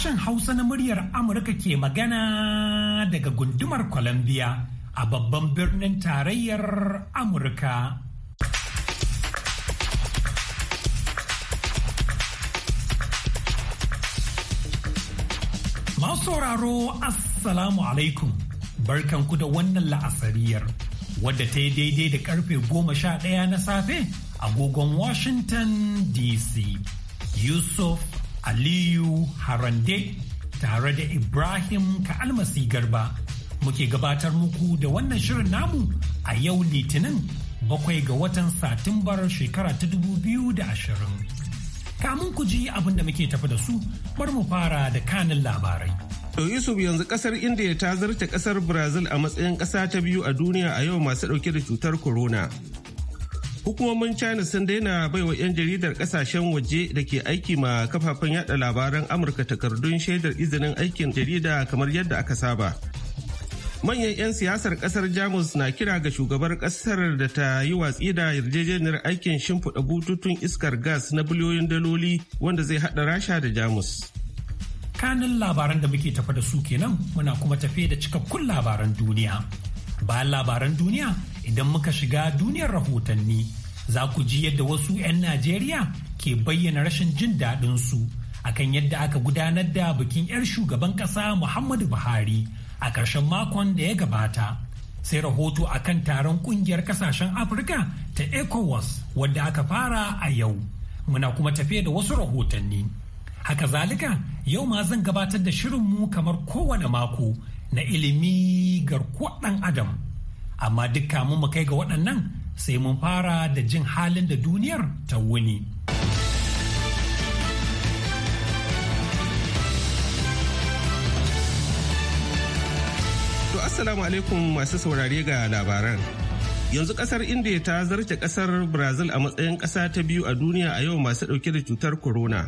Sashen Hausa na muryar Amurka ke magana daga gundumar Columbia a babban birnin tarayyar Amurka. Masu sauraro Assalamu alaikum barkanku da wannan la'asariyar wadda ta yi daidai da karfe goma sha ɗaya na safe agogon Washington DC. Yusuf Aliyu Harande tare da Ibrahim Ka'almasi Garba muke gabatar muku da wannan shirin namu a yau Litinin bakwai ga watan Satumbar shekara ta dubu biyu da ashirin. Kamun ku ji abin da muke tafi da su bar mu fara da kanin labarai. To Yusuf yanzu kasar India ta zarta kasar Brazil a matsayin kasa ta biyu a duniya a yau masu dauke da cutar corona. hukumomin china sun daina baiwa 'yan jaridar kasashen waje da ke aiki ma kafafen yada labaran amurka takardun shaidar izinin aikin jarida kamar yadda aka saba manyan 'yan siyasar kasar jamus na kira ga shugabar kasar da ta yi watsi da yarjejeniyar aikin shimfiɗa bututun iskar gas na biliyoyin daloli wanda zai haɗa rasha da jamus kanin labaran da muke tafa da su kenan muna kuma tafe da cikakkun labaran duniya Bayan labaran duniya idan muka shiga duniyar rahotanni za ku ji yadda wasu 'yan Najeriya ke bayyana rashin jin daɗinsu akan yadda aka gudanar da bikin 'yar shugaban ƙasa Muhammadu Buhari a ƙarshen makon da ya gabata. Sai rahoto a kan taron ƙungiyar ƙasashen Afirka ta ECOWAS wadda aka fara a yau. Muna kuma tafe da wasu rahotanni. Haka zalika yau ma zan gabatar da shirinmu kamar kowane mako na ilimi garkuwar ɗan adam amma duk mu kai ga waɗannan sai mun fara da jin halin da duniyar ta wuni. To Assalamu alaikum masu saurare ga labaran. Yanzu kasar India ta zarce kasar Brazil a matsayin kasa ta biyu a duniya a yau masu dauke da cutar corona.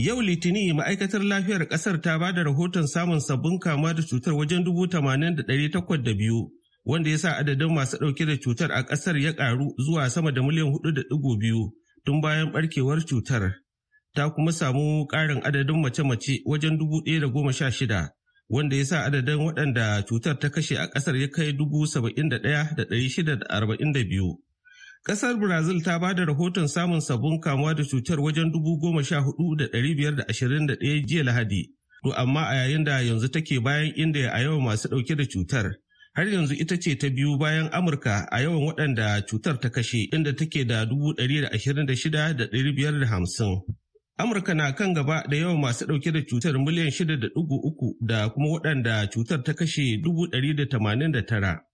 Yau Litinin ma'aikatar lafiyar ƙasar ta ba da rahoton samun sabbin kama da cutar wajen dubu tamanin da ɗari takwas da biyu, wanda ya sa adadin masu ɗauke da cutar a ƙasar ya ƙaru zuwa sama da miliyan hudu da ɗigo biyu tun bayan ɓarkewar cutar. Ta kuma samu ƙarin adadin mace-mace wajen dubu ɗaya da goma sha shida, wanda ya sa adadin waɗanda cutar ta kashe a ƙasar ya kai dubu saba'in da ɗaya da ɗari shida da arba'in da biyu. Ƙasar Brazil ta ba da rahoton samun sabon kamuwa da cutar wajen dubu goma sha hudu da ɗari biyar da ashirin da ɗaya jiya Lahadi. To amma a yayin da yanzu take bayan inda a yawan masu ɗauke da cutar. Har yanzu ita ce ta biyu bayan Amurka a yawan waɗanda cutar ta kashe inda take da dubu ɗari da ashirin da shida da ɗari biyar da hamsin. Amurka na kan gaba da yawan masu ɗauke da cutar miliyan shida da ɗugu uku da kuma waɗanda cutar ta kashe dubu ɗari da tamanin da tara.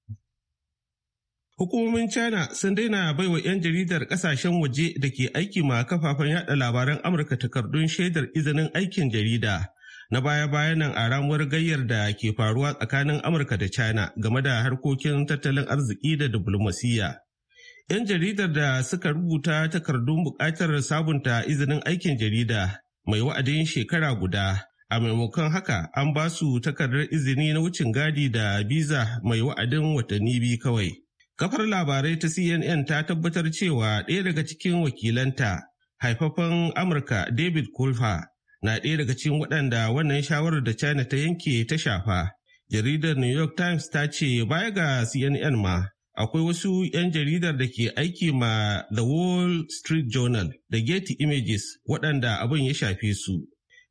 Hukumomin China sun daina baiwa 'yan jaridar kasashen waje da ke aiki ma kafafen yada labaran Amurka takardun shaidar izinin aikin jarida na baya-bayan nan a ramuwar gayyar da ke faruwa tsakanin Amurka da China game da harkokin tattalin arziki da diplomasiya. 'Yan jaridar da suka rubuta takardun bukatar sabunta izinin aikin jarida mai wa'adin shekara guda. A maimakon haka an ba su takardar izini na wucin gadi da biza mai wa'adin watanni biyu kawai. Kafar labarai ta CNN ta tabbatar cewa ɗaya daga cikin wakilanta haifafan Amurka David Kulfa na ɗaya daga cikin waɗanda wannan shawarar da China ta yanke ta shafa. Jaridar New York Times ta ce baya ga CNN ma akwai wasu 'yan jaridar da ke aiki ma The Wall Street Journal da Getty Images waɗanda abin ya shafe su.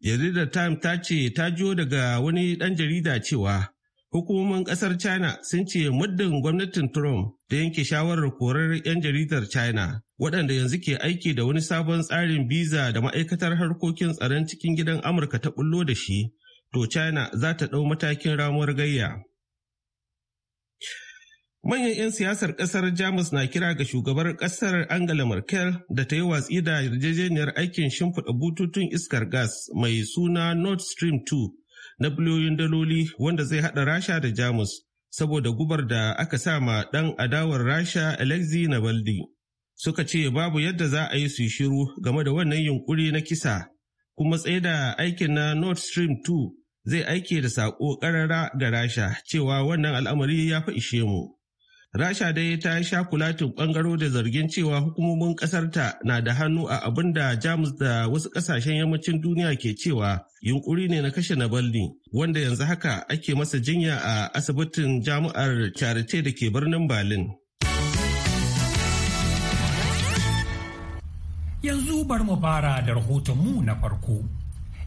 Jaridar times ta ce ta jiyo daga wani ɗan jarida cewa Hukumomin ƙasar China sun ce muddin gwamnatin Trump da yanke shawarar korar 'yan jaridar China waɗanda yanzu ke aiki da wani sabon tsarin biza da ma'aikatar harkokin tsaron cikin gidan Amurka ta bullo da shi, to China za ta ɗau matakin ramuwar gayya. Manyan 'yan siyasar ƙasar Jamus na kira ga shugabar ƙasar Angela Merkel da ta yi watsi da yarjejeniyar aikin shimfiɗa bututun iskar gas mai suna Nord Stream 2 na biliyoyin daloli wanda zai haɗa rasha da jamus saboda gubar da aka sa ma ɗan adawar rasha alexei navalny suka ce babu yadda za a yi su shiru game da wannan yunkuri na kisa kuma tsaye da aikin na nord stream 2 zai aike da saƙo ƙarara ga rasha cewa wannan al'amari ya fi ishe mu Rasha dai ta sha kulatin bangaro da zargin cewa hukumomin ƙasarta na da hannu a abin da Jamus da wasu ƙasashen yammacin duniya ke cewa yunkuri ne na kashe na Navalny wanda yanzu haka ake masa jinya a asibitin jami'ar charite da ke birnin Berlin. Yanzu bar mu fara da rahoton mu na farko.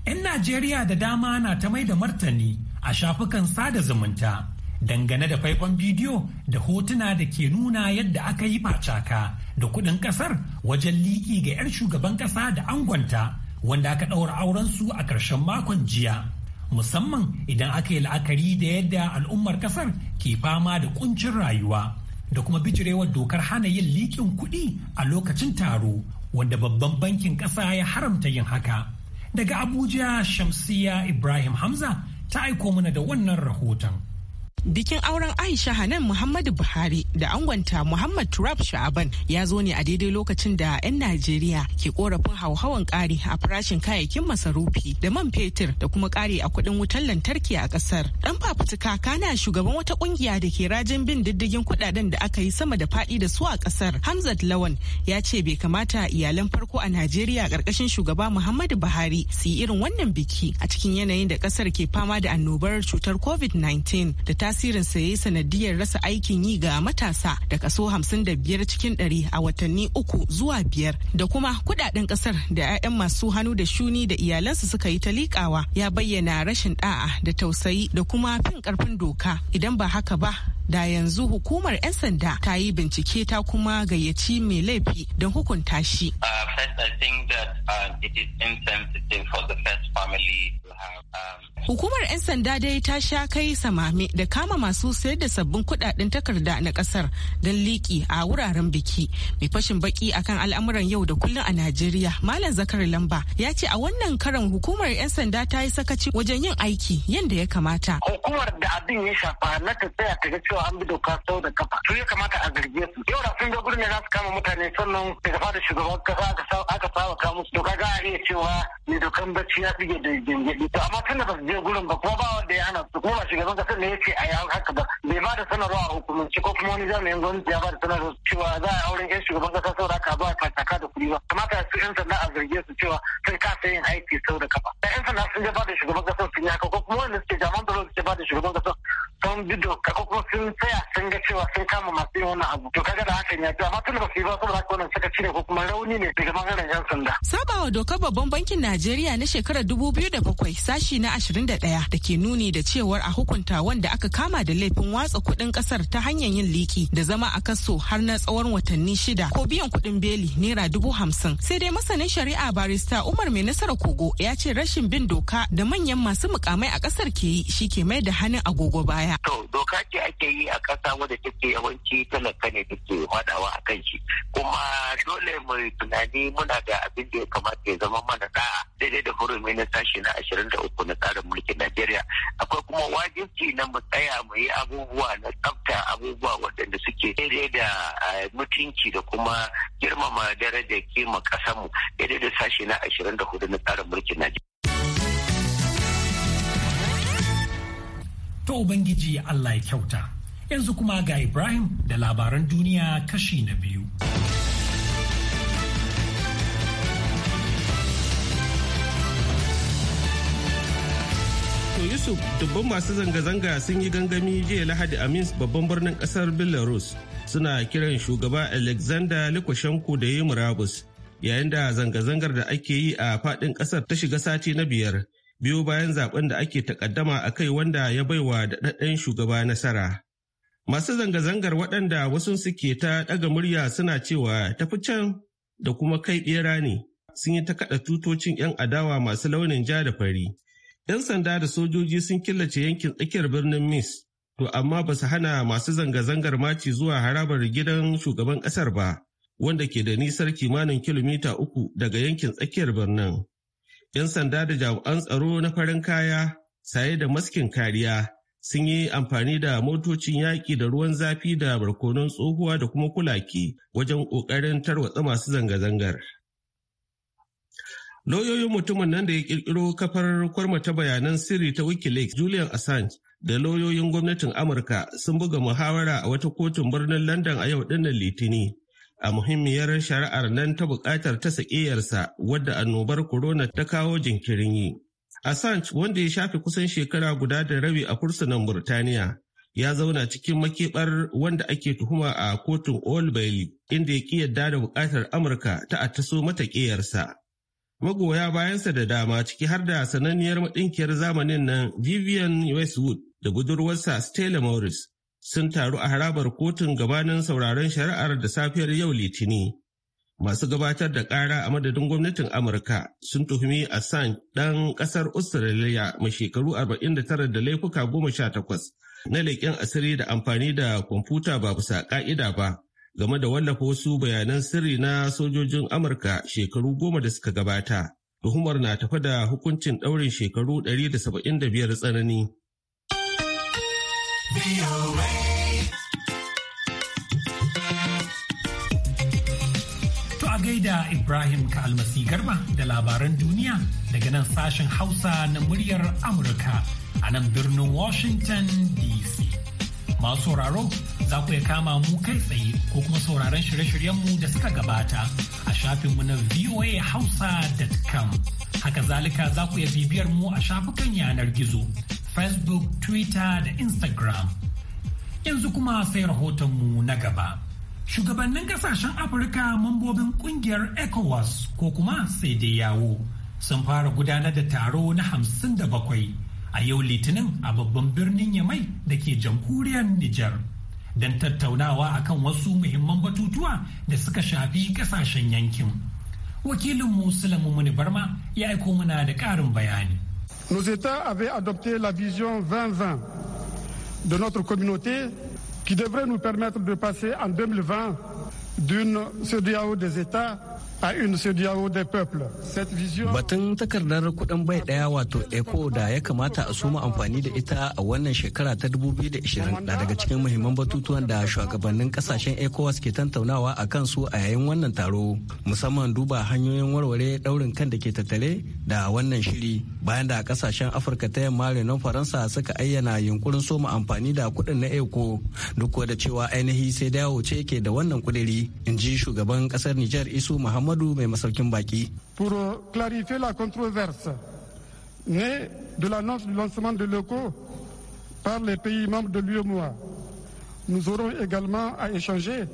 'Yan Najeriya da dama na ta mai da martani a shafukan sada zumunta. dangane da faifan bidiyo da hotuna da ke nuna yadda aka yi macaka da kudin kasar wajen liƙi ga 'yar shugaban kasa da angonta wanda aka ɗaura su a ƙarshen makon jiya musamman idan aka yi la'akari da yadda al'ummar kasar ke fama da kuncin rayuwa da kuma bijirewar dokar hana yin liƙin kuɗi a lokacin taro wanda babban bankin ƙasa ya haramta yin haka daga abuja shamsiya ibrahim hamza ta aiko mana da wannan rahoton bikin auren aisha hanan muhammadu buhari da angonta muhammad turab sha'aban ya zo ne a daidai lokacin da 'yan najeriya ke korafin hauhawan kari a farashin kayayyakin masarufi da man fetur da kuma kari a kudin wutar lantarki a kasar dan fafutuka kana shugaban wata ƙungiya da ke rajin bin diddigin kudaden da aka yi sama da faɗi da su a kasar hamzat lawan ya ce bai kamata iyalan farko a najeriya ƙarƙashin shugaba muhammadu buhari su yi irin wannan biki a cikin yanayin da ƙasar ke fama da annobar cutar covid-19 da ta tasirin sa yayi sanadiyar rasa aikin yi ga matasa da kaso 55 cikin 100 a watanni uku zuwa biyar da kuma kudaden kasar da 'ya'yan masu hannu da shuni da iyalansu suka yi ta likawa ya bayyana rashin da'a da tausayi da kuma fin karfin doka idan ba haka ba da yanzu hukumar 'yan sanda ta yi bincike ta kuma gayyaci mai laifi don hukunta shi. Uh, uh, um, hukumar 'yan sanda dai ta sha kai samame da kama masu sayar da sabbin kudaden takarda na kasar don liki a wuraren biki mai fashin baki akan al'amuran yau da kullum a najeriya malam zakar lamba ya ce a wannan karan hukumar 'yan sanda ta yi sakaci wajen yin aiki yadda ya kamata hukumar da abin ya shafa na ta tsaya ta ga cewa an bi doka sau da kafa su ya kamata a zarge su yau da sun zo gurin ne za su kama mutane sannan daga fada shugaban kasa aka fara kawo musu doka a iya cewa ne dokan bacci ya fige da gengedi to amma da ba su je gurin ba kuma ba wanda ya hana su kuma shugaban kasar ne ya ce a an haka ba bai ba da sanarwa a hukumance ko kuma wani jami'in gwamnati ya ba da sanarwa cewa za a auren yan shugaban kasa sau da ba a saka da kuɗi ba kamata su yan sanda a zarge su cewa sun kasa yin aiki sau da kafa yan sanda sun je ba da shugaban kasa sun yi haka ko kuma wanda suke jaman tsaro suke ba da shugaban kasa don bido doka sun tsaya sun ga cewa sun kama masu yin wani abu to kaga da hakan ya amma tun da ba su yi ba saboda haka wannan saka cire ko kuma rauni ne daga bangaren yan sanda. sabawa dokar babban bankin najeriya na shekarar dubu biyu da bakwai sashi na ashirin da daya da ke nuni da cewar a hukunta wanda aka kama da laifin watsa kuɗin ƙasar ta hanyar yin liki da zama a kaso har na tsawon watanni shida ko biyan kuɗin beli naira dubu hamsin sai dai masanin shari'a barista umar mai nasara kogo ya ce rashin bin doka da manyan masu mukamai a ƙasar ke yi shi ke mai da hannun agogo baya To doka ce ake yi a ƙasa wadda take yawanci talaka ne take faɗawa a kan shi. Kuma dole mu tunani muna da abin da ya kamata ya zama mana da daidai da hurumi na sashi na ashirin da uku na tsarin mulkin Najeriya. Akwai kuma wajibci na mu tsaya mu yi abubuwa na tsafta abubuwa waɗanda suke daidai da mutunci da kuma girmama darajar kima ƙasarmu daidai da sashi na ashirin da hudu na tsarin mulkin Najeriya. Ta Ubangiji Allah ya kyauta. Yanzu kuma ga Ibrahim da labaran duniya kashi na biyu. Yusuf dubban masu zanga-zanga sun yi gangami jiya Lahadi a Minsk babban birnin kasar Belarus suna kiran shugaba Alexander Lukashenko da yi murabus yayin da zanga-zangar da ake yi a faɗin ƙasar ta shiga sati na biyar biyo bayan zaben da ake takaddama a kai wanda ya baiwa daɗaɗɗen shugaba nasara. Masu zanga-zangar waɗanda wasu suke ta ɗaga murya suna cewa tafi can da kuma kai ɓera ne sun yi ta kaɗa tutocin 'yan adawa masu launin ja da fari. 'Yan sanda da sojoji sun killace yankin tsakiyar birnin Mis, to amma ba su hana masu zanga-zangar maci zuwa harabar gidan shugaban ƙasar ba, wanda ke da nisar kimanin kilomita uku daga yankin tsakiyar birnin. 'yan sanda da jami'an tsaro na farin kaya saye da maskin kariya sun yi amfani da motocin yaƙi da ruwan zafi da barkonon tsohuwa da kuma kulaki wajen ƙoƙarin tarwatsa masu zanga-zangar. Lauyoyin mutumin nan da ya ƙirƙiro kafar kwarmata bayanan sirri ta Wikileaks Julian Assange da lauyoyin gwamnatin Amurka sun buga muhawara a wata kotun birnin London a yau ɗinnan Litini. a muhimmiyar shari'ar nan ta buƙatar ta sakiyarsa wadda annobar corona ta kawo jinkirin yi. Assange wanda ya shafe kusan shekara guda da rabi a kursunan Burtaniya ya zauna cikin makebar wanda ake tuhuma a kotun Old Bailey inda ya ƙi yadda da buƙatar Amurka ta attaso mata ƙiyarsa. Magoya bayansa da dama ciki har da sananniyar maɗinkiyar zamanin nan Vivian Westwood da budurwarsa Stella Morris sun taru a harabar kotun gabanin sauraron shari'ar da safiyar yau litini. Masu gabatar da ƙara a madadin gwamnatin Amurka sun tuhumi Assange ɗan ƙasar Australia mai shekaru 49 da laifuka goma 18 na leƙen asiri da amfani da kwamfuta ba bisa ƙa'ida ba game da wallafa wasu bayanan sirri na sojojin Amurka shekaru goma da suka gabata. Tuhumar na tafa da hukuncin ɗaurin shekaru 175 tsanani. To a gaida Ibrahim ka almasi Garba da labaran duniya daga nan sashen Hausa na muryar Amurka a nan birnin Washington DC. Masu sauraro za ku iya kama mu kai tsaye ko kuma sauraron shirye-shiryenmu da suka gabata a shafinmu na voahausa.com. Haka zalika za ku iya bibiyar mu a shafukan yanar gizo. facebook twitter da instagram yanzu kuma sai rahotonmu na gaba shugabannin kasashen afirka mambobin kungiyar ecowas ko kuma sai dai yawo sun fara gudanar da taro na hamsin da bakwai a yau litinin a babban birnin yamai da ke jamhuriyar nijar don tattaunawa akan wasu muhimman batutuwa da suka shafi kasashen yankin wakilin musulmi muni barma ya aiko muna da ƙarin bayani Nos États avaient adopté la vision 2020 de notre communauté qui devrait nous permettre de passer en 2020 d'une CDAO des États Batun takardar kuɗin bai ɗaya wato ECO da ya kamata a suma amfani da ita a wannan shekara ta 2020 na daga cikin muhimman batutuwan da shugabannin kasashen ECOWAS ke tantaunawa a kansu a yayin wannan taro musamman duba hanyoyin warware daurin kan da ke tattare da wannan shiri bayan da kasashen Afirka ta yamma renon Faransa suka ayyana yunkurin soma amfani da kuɗin na ECO duk da cewa ainihi sai dawo ce ke da wannan kudiri in ji shugaban ƙasar Nijar Isu Pour euh, clarifier la controverse née de l'annonce du lancement de l'ECO par les pays membres de l'UEMOA, nous aurons également à échanger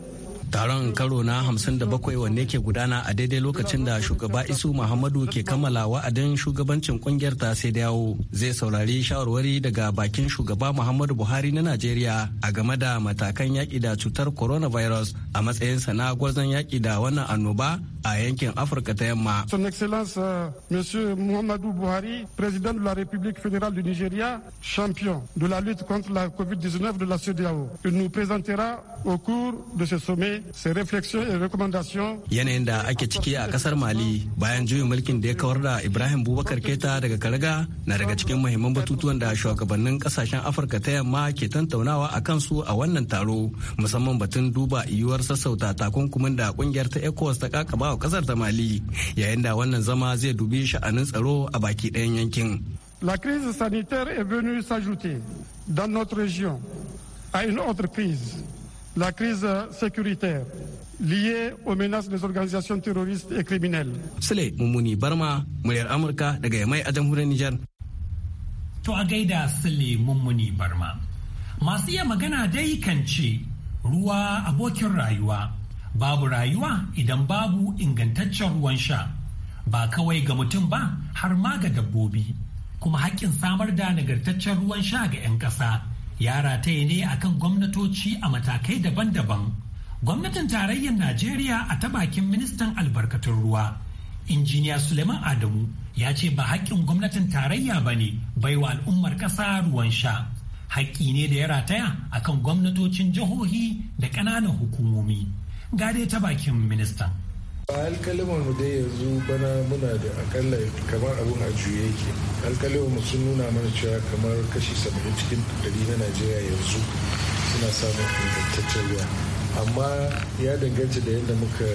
taron karo na 57 wanne ke gudana a daidai lokacin da shugaba isu muhammadu ke kammala wa'adin shugabancin kungiyar ta sai dawo zai saurari shawarwari daga bakin shugaba muhammadu buhari na najeriya a game da matakan yaƙi da cutar coronavirus a matsayinsa na gwarzon yaƙi da wannan annoba a yankin afirka ta yamma son excellence euh, monsieur buhari president de la république fédérale du nigeria champion de la lutte contre la covid-19 de la cedeao il nous présentera au cours de ce sommet ses réflexions et recommandations. Yanayin da ake ciki a kasar Mali bayan juyin mulkin da ya kawar da Ibrahim Bubakar Keta daga Karaga na daga cikin muhimman batutuwan da shugabannin kasashen Afirka ta yamma ke tantaunawa a kansu a wannan taro musamman batun duba yiwuwar sassauta takunkumin da kungiyar ta ECOWAS ta kakaba a kasar ta Mali yayin da wannan zama zai dubi sha'anin tsaro a baki ɗayan yankin. La crise sanitaire est venue s'ajouter dans notre région à une autre crise la crise sécuritaire liée aux menaces des organisations terroristes et criminelles. Sule Mummuni Barma, muryar Amurka daga Yamai a jamhuriyar Nijar. To a gaida Sule Barma. Masu iya magana dai kan ce ruwa abokin rayuwa. Babu rayuwa idan babu ingantaccen ruwan sha. Ba kawai ga mutum ba har ma ga dabbobi. Kuma haƙƙin samar da nagartaccen ruwan sha ga 'yan ƙasa. ya rataye ne a kan gwamnatoci a matakai daban-daban. Gwamnatin tarayyar Najeriya a ta bakin ministan albarkatun ruwa, injiniya Suleiman Adamu ya ce ba haƙƙin gwamnatin tarayya ba ne baiwa al'ummar ƙasa ruwan sha. Haƙƙi ne da ya rataya a kan gwamnatocin jihohi da ƙananan hukumomi. Gade ta bakin ministan. alkalimar mu dai yanzu bana muna da akalla kamar abun a juye yake alkalimar mu sun nuna mana cewa kamar kashi 70 cikin 100 na najeriya yanzu suna samun ingantaccen ruwa amma ya danganta da yadda muka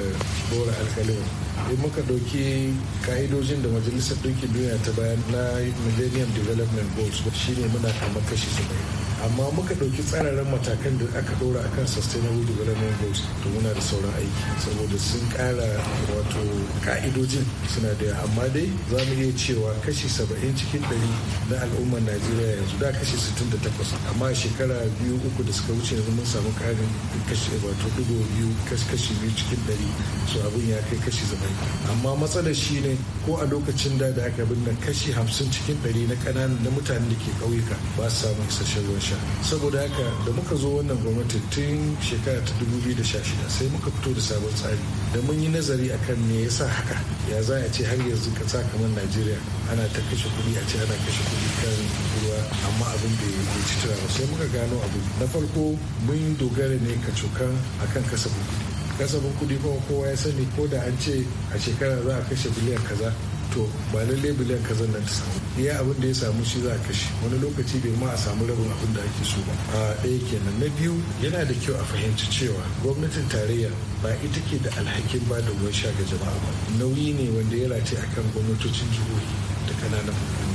bora alkalin in muka ɗauki ka'idojin da majalisar ɗaukin duniya ta bayan na millennium development goals shine muna kamar kashi 70 amma muka ɗauki tsararren matakan da aka ɗora akan sustainable development goals to muna da sauran aiki saboda sun ƙara wato ka'idojin suna da amma dai za mu iya cewa kashi saba'in cikin ɗari na al'ummar najeriya yanzu da kashi sittin da takwas amma shekara biyu uku da suka wuce yanzu mun samu ƙarin kashi wato dubu biyu kashi biyu cikin ɗari so abin ya kai kashi zama amma matsalar shi ne ko a lokacin da da aka binne kashi hamsin cikin ɗari na ƙananan na mutanen da ke ƙauyuka ba su samu isasshen ruwan sha saboda haka da muka zo wannan gwamnati tun shekara ta 2016 sai muka fito da sabon tsari da mun yi nazari akan me yasa haka ya za a ce har yanzu ka sa kamar najeriya ana ta kashe kuɗi a ce ana kashe kuɗi kan ruwa amma abin da ya ci tura sai muka gano abu na farko mun dogara ne ka cokan akan kasafin kuɗi kasafin kuɗi kuma kowa ya sani ko da an ce a shekara za a kashe biliyan kaza to ba lallai biliyan kazan nan ta samu iya abin da ya samu shi za a kashe wani lokaci bai ma a samu rabin abin da ake so ba a ɗaya kenan na biyu yana da kyau a fahimci cewa gwamnatin tarayya ba ita ke da alhakin ba da ruwan sha ga jama'a ba nauyi ne wanda ya race akan gwamnatocin jihohi da kananan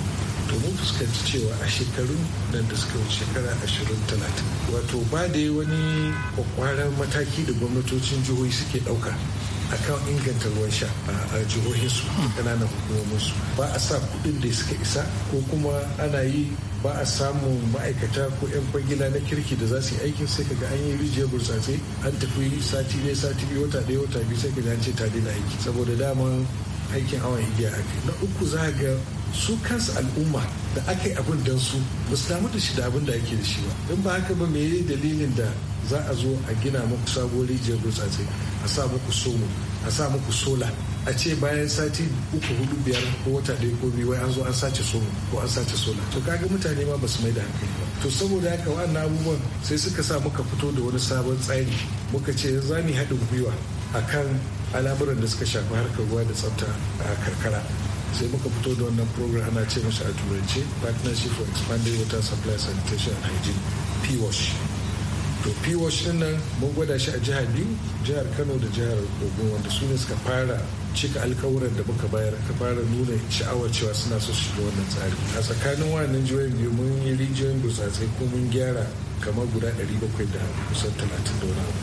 to fuskanci cewa a shekarun nan da suka wuce shekara ashirin talatin wato ba da wani kwakwaran mataki da gwamnatocin jihohi suke ɗauka akan inganta ruwan sha a jihohinsu ƙananan hukumominsu ba a sa kuɗin da suka isa ko kuma ana yi ba a samun ma'aikata ko 'yan kwangila na kirki da za su yi aikin sai kaga an yi rijiyar burtsatse an tafi sati ne sati biyu wata ɗaya wata biyu sai kaga an ce ta daina aiki saboda daman aikin awon igiya ake na uku za ga su kansu al'umma da aka yi abin don su ba su damu da shi da abin da ake da shi ba in ba haka ba mai dalilin da za a zo a gina muku sabuwar rijiyar burtsatse a sa muku somo a sa muku sola a ce bayan sati uku hudu biyar ko wata ɗaya ko biyu wai an zo an sace somo ko an sace sola to kaga mutane ma ba su mai da hankali ba to saboda haka wa'annan abubuwan sai suka sa muka fito da wani sabon tsari muka ce za mu haɗin gwiwa a kan al'amuran da suka shafi harkar ruwa da tsafta a karkara sai muka fito da wannan program ana ce mashi a turanci partnership for expanded water supply sanitation and hygiene pwash to pwash din nan mun gwada shi a jihar biyu jihar kano da jihar ogun wanda su ne suka fara cika alkawuran da muka bayar ka fara nuna sha'awar cewa suna so su shiga wannan tsari a tsakanin wannan jihohin biyu mun yi rijiyoyin burtsatsai ko mun gyara kamar guda 700 da kusan 30 da wani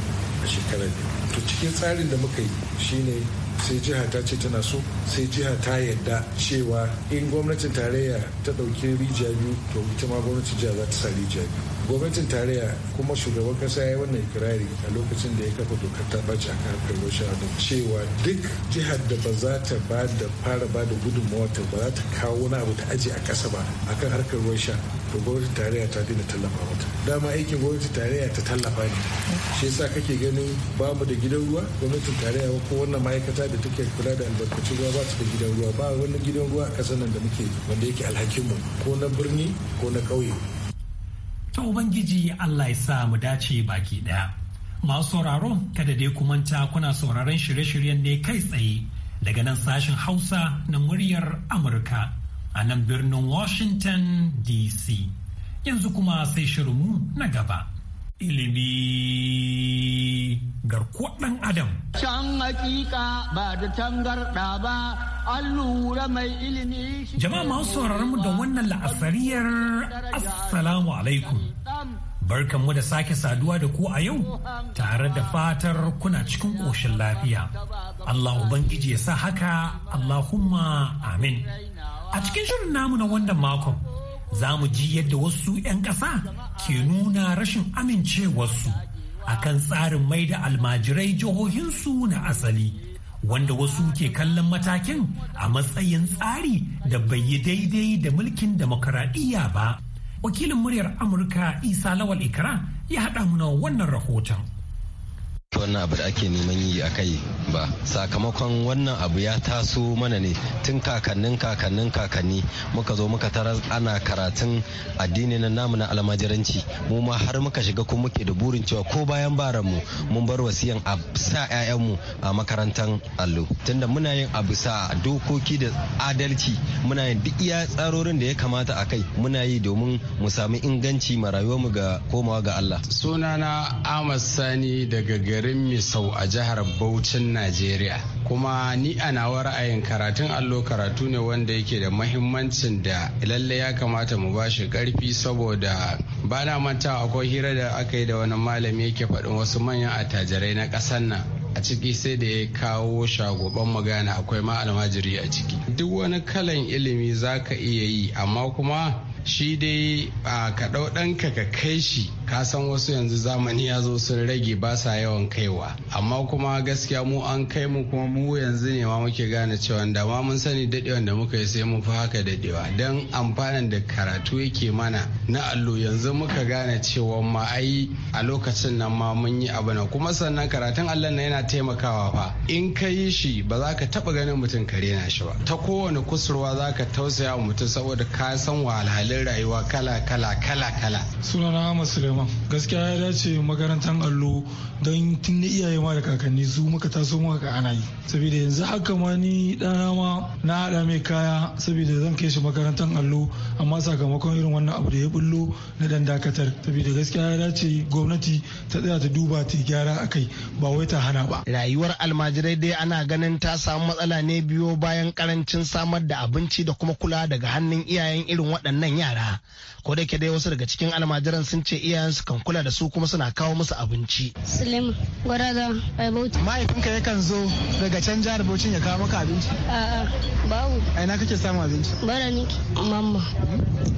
a shekarar biyu. to cikin tsarin da muka yi shine sai jiha ta ce tana so sai jiha ta yadda cewa in gwamnatin tarayya ta ɗauki rijiya biyu to ita ma gwamnatin jiha za ta sa rijiya biyu gwamnatin tarayya kuma shugaban kasa ya yi wannan ikirari a lokacin da ya kafa dokar ta bace a kan rusha da cewa duk jihar da ba za ta ba da fara ba da gudunmawa ta ba za ta kawo wani abu ta aji a ƙasa ba akan harkar sha. to gwamnatin tarayya ta dina tallafa mata dama aikin gwamnatin tarayya ta tallafa ne shi yasa kake ganin bamu da gidan ruwa gwamnatin tarayya ko wannan ma'aikata da take kula da albarkacin ruwa ba su da gidan ruwa ba wani gidan ruwa a ƙasar nan da muke wanda yake mu ko na birni ko na ƙauye. ta ubangiji allah ya sa mu dace baki ɗaya masu sauraro kada dai ku manta kuna sauraron shirye-shiryen ne kai tsaye daga nan sashen hausa na muryar amurka a nan birnin Washington DC. Yanzu kuma sai shirinmu na gaba. Ilimi garkuwar ɗan Adam. Can hakika ba da tangarɗa ba, an lura mai ilimi. Jama'a masu sauraron mu da wannan la'asariyar Assalamu alaikum. barkan mu da sake saduwa da ku a yau tare da fatar kuna cikin ƙoshin lafiya. Allah Ubangiji ya sa haka Allahumma amin. A cikin shirin namu na wannan makon za mu ji yadda wasu 'yan ƙasa ke nuna rashin amincewarsu a kan tsarin mai da almajirai jihohinsu na asali. Wanda wasu ke kallon matakin a matsayin tsari da bai yi daidai da mulkin demokaradiyya ba. wakilin muryar amurka isa lawal ikra ya haɗa munawa wannan rahoton wannan abu da ake neman yi a kai ba sakamakon wannan abu ya taso mana ne tun kakannin kakannin kakanni muka zo muka tara ana karatun addini na namu na almajiranci mu ma har muka shiga kuma muke da burin cewa ko bayan baran mu mun bar wasiyan a sa mu a makarantar allo tunda muna yin abu sa dokoki da adalci muna yin duk iya tsarorin da ya kamata a kai muna yi domin mu sami inganci ma mu ga komawa ga Allah sunana Ahmad Sani daga garin Misau a jihar Bauchin Najeriya. Kuma ni a nawa ra'ayin karatun allo karatu ne wanda yake da mahimmancin da lalle ya kamata mu bashi shi karfi saboda ba na manta akwai hira da aka yi da wani malami yake faɗin wasu manyan attajirai na ƙasar nan a ciki sai da ya kawo shagoban magana akwai ma almajiri a ciki duk wani kalan ilimi za ka iya yi amma kuma shi dai a kaɗau ɗau ɗanka ka kai shi ka san wasu yanzu zamani ya zo sun rage ba sa yawan kaiwa amma kuma gaskiya mu an kai mu kuma mu yanzu ne ma muke gane cewa da ma mun sani dadewan da muka yi sai mun fi haka dadewa dan amfanin da karatu yake mana na allo yanzu muka gane cewa ma ai a lokacin nan ma mun yi abu na kuma sannan karatun allon nan yana taimakawa fa in ka yi shi ba za ka taba ganin mutum kare na shi ba ta kowane kusurwa za ka tausaya mutum saboda ka san wahalhalun rayuwa kala kala kala kala sunana Ahmad gaskiya ya dace makarantar allo don tun da iyaye ma da kakanni su muka taso muka ana yi saboda yanzu haka ma ni dana ma na haɗa mai kaya saboda zan kai shi makarantar allo amma sakamakon irin wannan abu da ya bullo na dan dakatar saboda gaskiya ya dace gwamnati ta tsaya ta duba ta gyara a kai ba wai ta hana ba rayuwar almajirai dai ana ganin ta samu matsala ne biyo bayan karancin samar da abinci da kuma kula daga hannun iyayen irin waɗannan yara ko da dai wasu daga cikin almajiran sun ce iyayensu kan kula da su kuma suna kawo musu abinci a yi bauchi mahaifinka yakan zo daga can jihar bauchi ya kawo maka abinci a'a babu a ina kake samun abinci bara niki mamma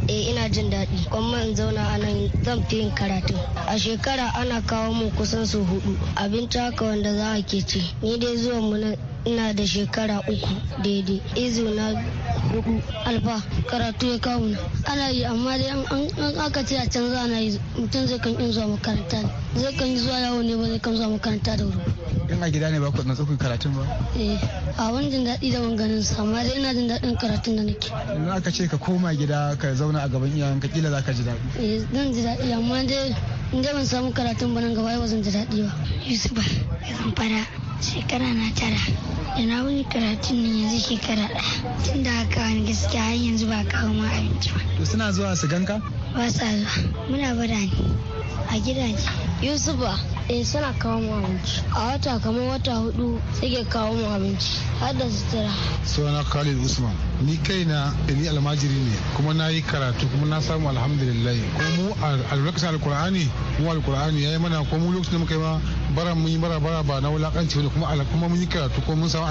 eh ina jin daɗi kuma in zauna a nan zan fi yin karatu a shekara ana kawo mu kusan su hudu abinci haka wanda za a ke ci ni dai zuwan mu ina da shekara uku daidai izo na hudu alfa karatu ya kawo na ana yi amma dai an aka ce a can za na yi mutum zai kan in zuwa makaranta ne zai kan zuwa yawo ne ba zai kan zuwa makaranta da wuri in a gida ne ba ku na tsakon karatun ba eh a wani jin daɗi da ganin sa amma dai ina jin daɗin karatun da nake in aka ce ka koma gida ka zauna a gaban iyayen ka kila za ka ji daɗi eh zan ji daɗi amma dai in ban samu karatun ba nan gaba ba zan ji daɗi ba yusuf ba zan fara shekara na tara da na wani karatun nan yanzu shekara ɗaya tun da haka wani gaskiya har yanzu ba kawo ma abinci ba. to suna zuwa su ganka? ba sa zuwa muna bada ne a gidaje. yusufa eh suna kawo mu abinci a wata kamar wata hudu suke kawo mu abinci har da sutura. suna khalid usman ni kaina da ni almajiri ne kuma na yi karatu kuma na samu alhamdulillah kuma mu alwakasa alkur'ani mu alkur'ani ya yi mana kuma mu lokacin da muka yi ma bara mun yi bara bara ba na wulakanci ne kuma kuma mun yi karatu kuma mun samu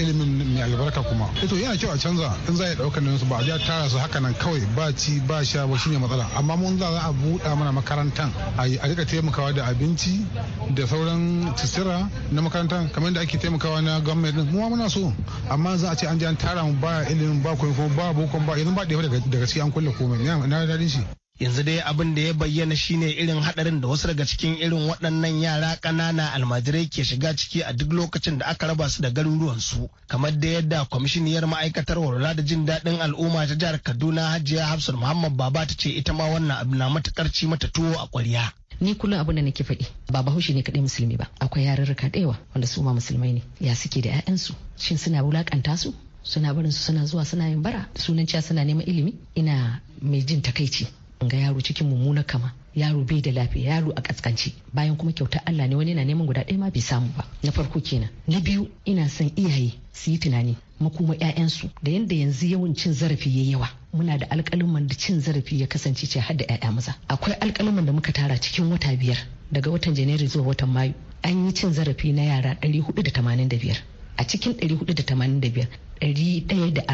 ilimin mai albarka kuma eh to yana cewa a canza in za a daukar nan su ba a ja tara su haka nan kawai ba ci ba sha ba shine matsala amma mun za a buɗa mana makarantan a yi rika taimakawa da abinci da sauran tisira na makarantan kamar da ake taimakawa na gwamnati mu muna so amma za a ce an ji an tara mu baya ba kuma ba ba yanzu ba ɗaya daga gaske an kulle komai na daɗin shi yanzu dai abin da ya bayyana shine irin hadarin da wasu daga cikin irin waɗannan yara ƙanana almajirai ke shiga ciki a duk lokacin da aka raba su da garuruwan su kamar da yadda kwamishiniyar ma'aikatar walwala da jin daɗin al'umma ta jihar kaduna hajiya hafsat muhammad baba ta ce ita ma wannan abu na matuƙar ci mata tuwo a ƙwarya ni kullum abin da nake faɗi ba bahaushe ne kaɗai musulmi ba akwai yarurruka da yawa wanda su ma musulmai ne ya suke da 'ya'yansu shin suna wulaƙanta su suna barin su suna zuwa suna yin bara sunan cewa suna neman ilimi ina mai jin takaici in ga yaro cikin mummuna kama yaro bai da lafiya yaro a kaskanci bayan kuma kyauta Allah ne wani yana neman guda ɗaya ma bai samu ba na farko kenan na biyu ina son iyaye su yi tunani makoma ƴaƴansu. da yanda yanzu yawan cin zarafi ya yawa muna da alƙaluman da cin zarafi ya kasance ce har da 'ya'ya maza akwai alƙaluman da muka tara cikin wata biyar daga watan janairu zuwa watan mayu an yi cin zarafi na yara 485 a cikin 485 148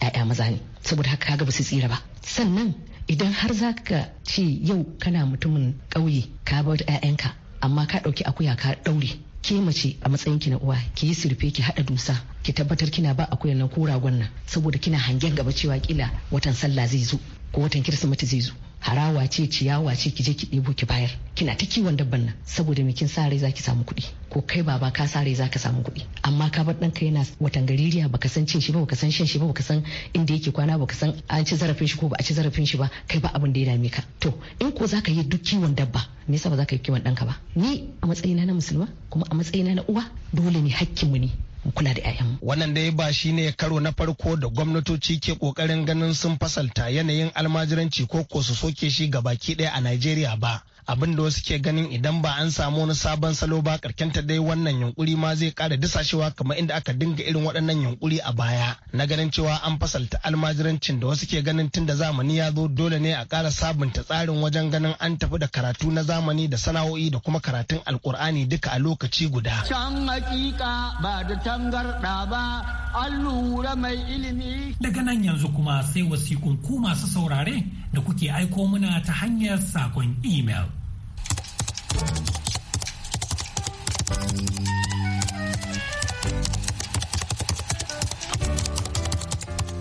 'ya'ya maza ne saboda haka kaga ba su tsira ba sannan idan har za ka ce yau kana mutumin ƙauye ka bar 'ya'yanka amma ka ɗauki akuya ka ɗaure ke mace a matsayin ki na uwa ki yi sirfe ki haɗa dusa ki tabbatar kina ba akuyar na ko ragon nan saboda kina hangen gaba cewa kila watan sallah zai zo ko watan kirsimeti zai zo harawa ce ciyawa ce ki je ki ɗebo ki bayar kina ta kiwon dabban nan saboda me kin sa rai zaki samu kuɗi ko kai baba ka sa rai zaka samu kuɗi amma ka bar ɗanka yana watan gaririya baka san cin shi ba baka san shan shi ba baka san inda yake kwana baka san an ci zarafin shi ko ba a ci zarafin shi ba kai ba abin da ya dame ka to in ko zaka yi duk kiwon dabba me yasa ba zaka yi kiwon ɗanka ba ni a matsayina na musulma kuma a matsayina na uwa dole ne hakkinmu ne mu kula da 'ya'yan wannan dai ba shi ne karo na farko da gwamnatoci ke kokarin ganin sun fasalta yanayin almajiranci ko ko su soke shi ga baki ɗaya a Najeriya ba abin da wasu ke ganin idan ba an samu wani sabon salo ba karkenta dai wannan yunkuri ma zai kara disashewa kamar inda aka dinga irin waɗannan yunkuri a baya na ganin cewa an fasalta almajirancin da wasu ke ganin tun da zamani ya zo dole ne a kara sabunta tsarin wajen ganin an tafi da karatu na zamani da sana'o'i da kuma karatun alkur'ani duka a lokaci guda. Can hakika ba da tangarɗa ba an lura mai ilimi. Daga nan yanzu kuma sai wasikun ku masu saurare da kuke aiko muna ta hanyar saƙon imel.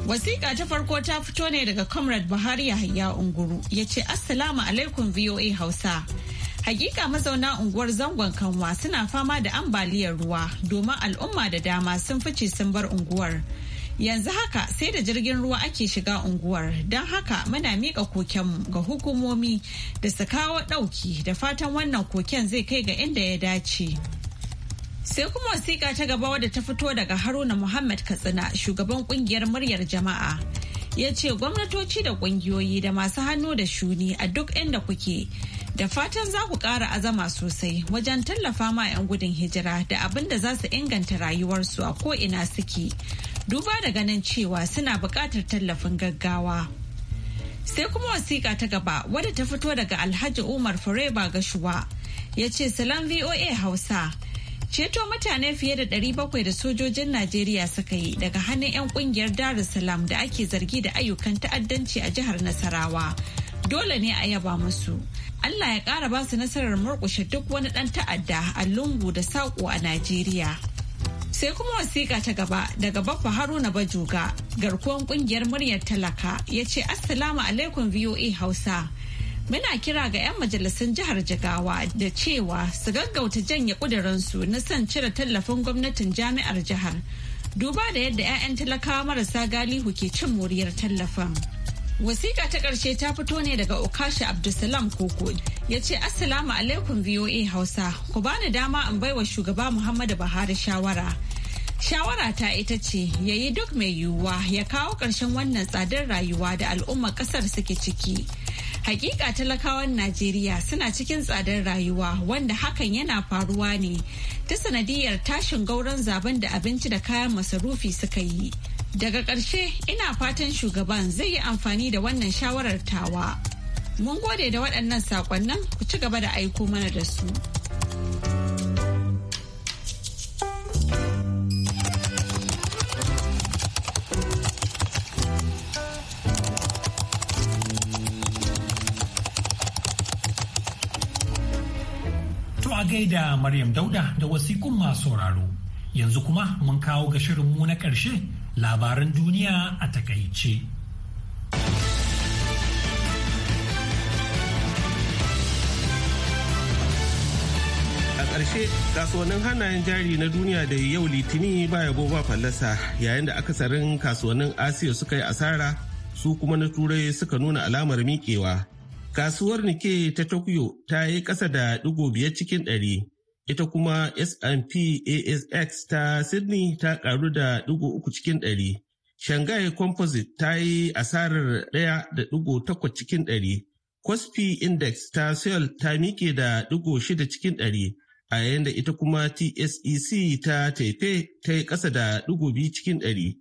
Wasiƙa ta farko ta fito ne daga Comrade Buhari Yahaya Unguru ya ce Assalamu alaikum VOA Hausa. Hakika mazauna unguwar zangon kanwa suna fama da ambaliyar ruwa domin al'umma da dama sun fice sun bar unguwar. yanzu haka sai da jirgin ruwa ake shiga unguwar don haka muna miƙa koken ga hukumomi da su kawo ɗauki da fatan wannan koken zai kai ga inda ya dace sai kuma wasiƙa ta gaba wadda ta fito daga haruna muhammad katsina shugaban ƙungiyar muryar jama'a ya ce gwamnatoci da ƙungiyoyi da masu hannu da shuni a duk inda kuke da fatan za ku ƙara azama sosai wajen tallafa ma 'yan gudun hijira da abin da za su inganta rayuwarsu a ko'ina suke duba da ganin cewa suna buƙatar tallafin gaggawa. Sai kuma wasiƙa ta gaba wadda ta fito daga Alhaji Umar Fureba Gashuwa ya ce Salam VOA Hausa. Ceto mutane fiye da 700 da sojojin Najeriya suka yi daga hannun 'yan kungiyar Darussalam da ake zargi da ayyukan ta'addanci a jihar Nasarawa. Dole ne a yaba musu. Allah ya ƙara ba su nasarar murƙushe duk wani ɗan ta'adda a lungu da saƙo a Najeriya. Sai kuma wasiƙa ta gaba daga Baffa Haruna Bajuga garkuwan kungiyar muryar talaka ya ce Assalamu alaikum VOA Hausa. Muna kira ga 'yan majalisun jihar Jigawa da cewa su gaggauta janye ƙudurinsu na son cire tallafin gwamnatin jami'ar jihar. Duba da yadda 'ya'yan talakawa marasa galihu ke cin moriyar tallafin. Wasiƙa ta ƙarshe ta fito ne daga Okasha Abdulsalam Koko. Ya ce Assalamu alaikum VOA Hausa, ku bani dama in baiwa shugaba Muhammadu Buhari shawara. Shawara ta ita ce ya yi duk mai yiwuwa ya kawo ƙarshen wannan tsadar rayuwa da al'ummar ƙasar suke ciki. Hakika talakawan Najeriya suna cikin tsadar rayuwa wanda hakan yana faruwa ne ta sanadiyar tashin gauron zaben da abinci da kayan masarufi suka yi. Daga ƙarshe ina fatan shugaban zai yi amfani da wannan shawarar tawa. Mun gode da waɗannan saƙonnan ku ci gaba da aiko mana da su. gaida Maryam Dauda da wasikun masu sauraro. Yanzu kuma mun kawo ga shirinmu na ƙarshe labaran duniya a takaice. a ƙarshe kasuwannin hannayen jari na duniya da yau litini baya goma fallasa yayin da akasarin kasuwannin asiya suka yi asara su kuma na turai suka nuna alamar miƙewa kasuwar nike ta tokyo ta yi ƙasa da ɗigo biyar cikin ɗari Ita kuma S&P ASX ta Sydney ta karu da dugu uku cikin ɗari. Shanghai Composite ta yi asarar ɗaya da dugu takwas cikin ɗari. Kospi Index ta Seoul ta miƙe da dugu shida cikin ɗari. A yayin da ita kuma TSEC ta Taipei ta yi ƙasa da dugu biyu cikin ɗari.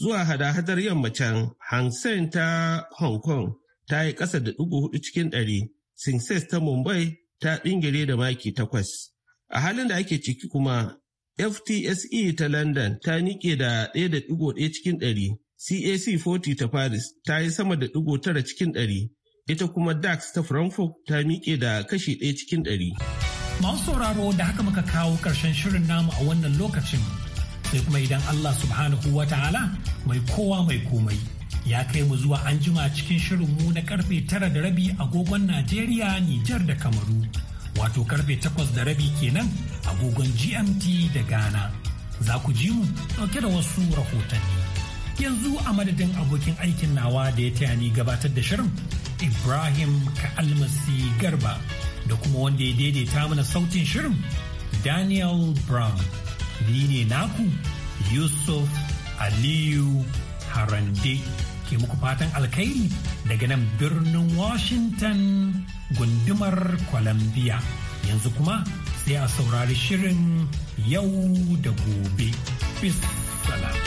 Zuwa hada-hadar yammacin Hang Seng ta Hong Kong ta yi ƙasa da dugu hudu cikin ɗari. Sinses ta Mumbai ta ɗingire da maki takwas. A halin da ake ciki kuma FTSE ta London ta nike da 1.1 cikin ɗari, CAC 40 ta Paris ta yi sama da ɗigo tara cikin ɗari, ita kuma DAX ta Frankfurt ta nike da kashi ɗaya cikin ɗari. Masu sauraro da haka muka kawo ƙarshen shirin namu a wannan lokacin. Sai kuma idan Allah subhanahu wa ta'ala mai kowa mai komai. Ya kai mu zuwa anjima cikin shirinmu na karfe tara da rabi agogon Najeriya, Nijar da Kamaru. wato karfe takwas da rabi kenan agogon GMT da Ghana. Za ku ji mu dauke da wasu rahotanni. Yanzu a madadin abokin aikin nawa da ya taya ni gabatar da shirin Ibrahim Ka'almasi Garba da kuma wanda ya daidaita mana sautin shirin Daniel Brown. Ni ne naku Yusuf Aliyu Harande ke muku fatan alkhairi daga nan birnin Washington gundumar Columbia. Yanzu kuma sai a saurari shirin yau da gobe. Peace. Salam.